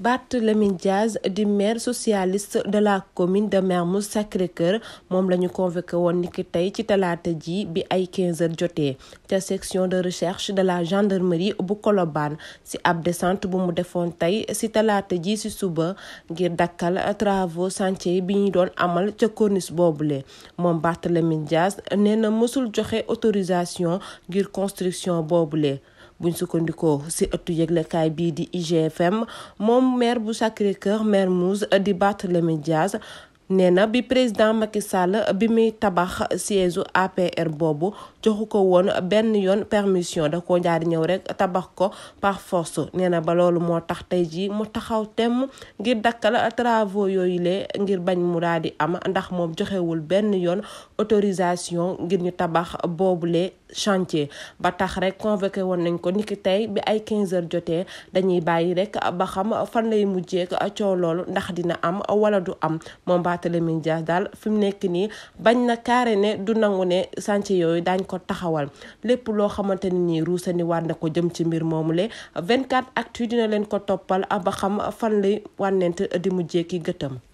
Barthélémy Diaz di maire socialiste de la commune de Mermoz Sacré-Cœur moom la ñu convoqué woon niki tey ci talaata ji bi ay 15 jotee ca section de recherche de la gendarmerie bu Colobane si ab descente bu mu defoon tey si talaata ji si suba ngir dakkal travaux chantier bi ñu doon amal ca corniche boobule moom Barthélémy Diaz nee na mësul joxe autorisation ngir construction boobule. buñ sukkandikoo si ëttu yëglekaay bii di IGFM moom maire bu Sacré-Cœur Mermoz di Barthélémy Dias nee na bi président Macky Sall bi muy tabax siège APR boobu joxu ko woon benn yoon permission da ko njaari ñëw rek tabax ko par force nee na ba loolu moo tax tey jii mu taxaw temm ngir dakkal travaux yooyu le ngir bañ mu daal di am ndax moom joxewul benn yoon autorisation ngir ñu tabax boobule chantier ba tax rek convoqué woon nañ ko niki tey bi ay 15 heures jotee dañuy bàyyi rek ba xam fan lay mujjee a loolu ndax dina am wala du am moom Barthélémy Dias daal fi mu nekk nii bañ na kaare ne du nangu ne chantier yooyu daañ ko taxawal lépp loo xamante ni nii ruusani war na ko jëm ci mbir moomu le moomule 24 actu dina leen ko toppal ba xam fan lay wànnent di mujjee ki gëtëm